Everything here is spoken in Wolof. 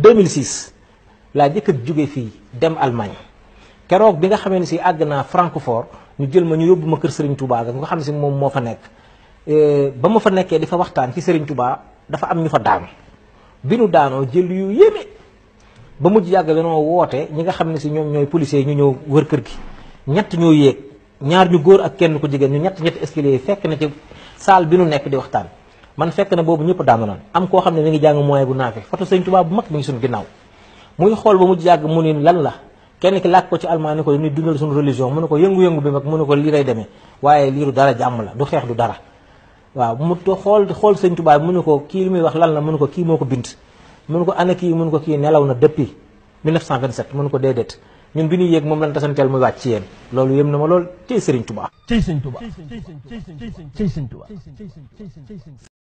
2006 laa njëkk jóge fii dem Allemagne keroog bi nga xamee ne si àgg naa Francfort ñu jël ma ñu yóbbu ma kër Serigne Touba ga nga xam ne si moom moo fa nekk euh, ba ma fa nekkee di fa waxtaan ci Serigne Touba dafa am ñu fa daanu bi nu daanoo jël yu yéeme ba mujj yàgg danoo woote ñi nga xam ne si ñoom ñooy policiers ñu ñëw wër kër gi ñett ñoo yéeg ñaar ñu góor ak kenn ko jigéen ñu ñett ñetti escalier yi fekk na ci salle bi nu nekk di waxtaan. man fekk na boobu ñëpp daanu naan am koo xam ne mi ngi jàng moyen bu naafi foto sëñ Tuubaa bu mag mi ngi suñu ginnaaw muy xool ba mu jàgg mu ni lan la kenn ki làkk ko ci almaan ni ko dañuy dundal suñu religion mu ne ko yëngu-yëngu bi mag mu ne ko lii lay demee waaye lii du dara jàmm la du xeex du dara waaw mu xool xool sëñ Tuubaa mu ne ko kii li muy wax lan la mu ne ko kii moo ko bind mu ne ko ana kii mu ne ko kii nelaw na depuis 1927 mu ne ko déedéet ñun bi ñuy yéeg moom lañ tasanteel muy wàcc ci yéen loolu lool tey sëriñ Tuubaa tey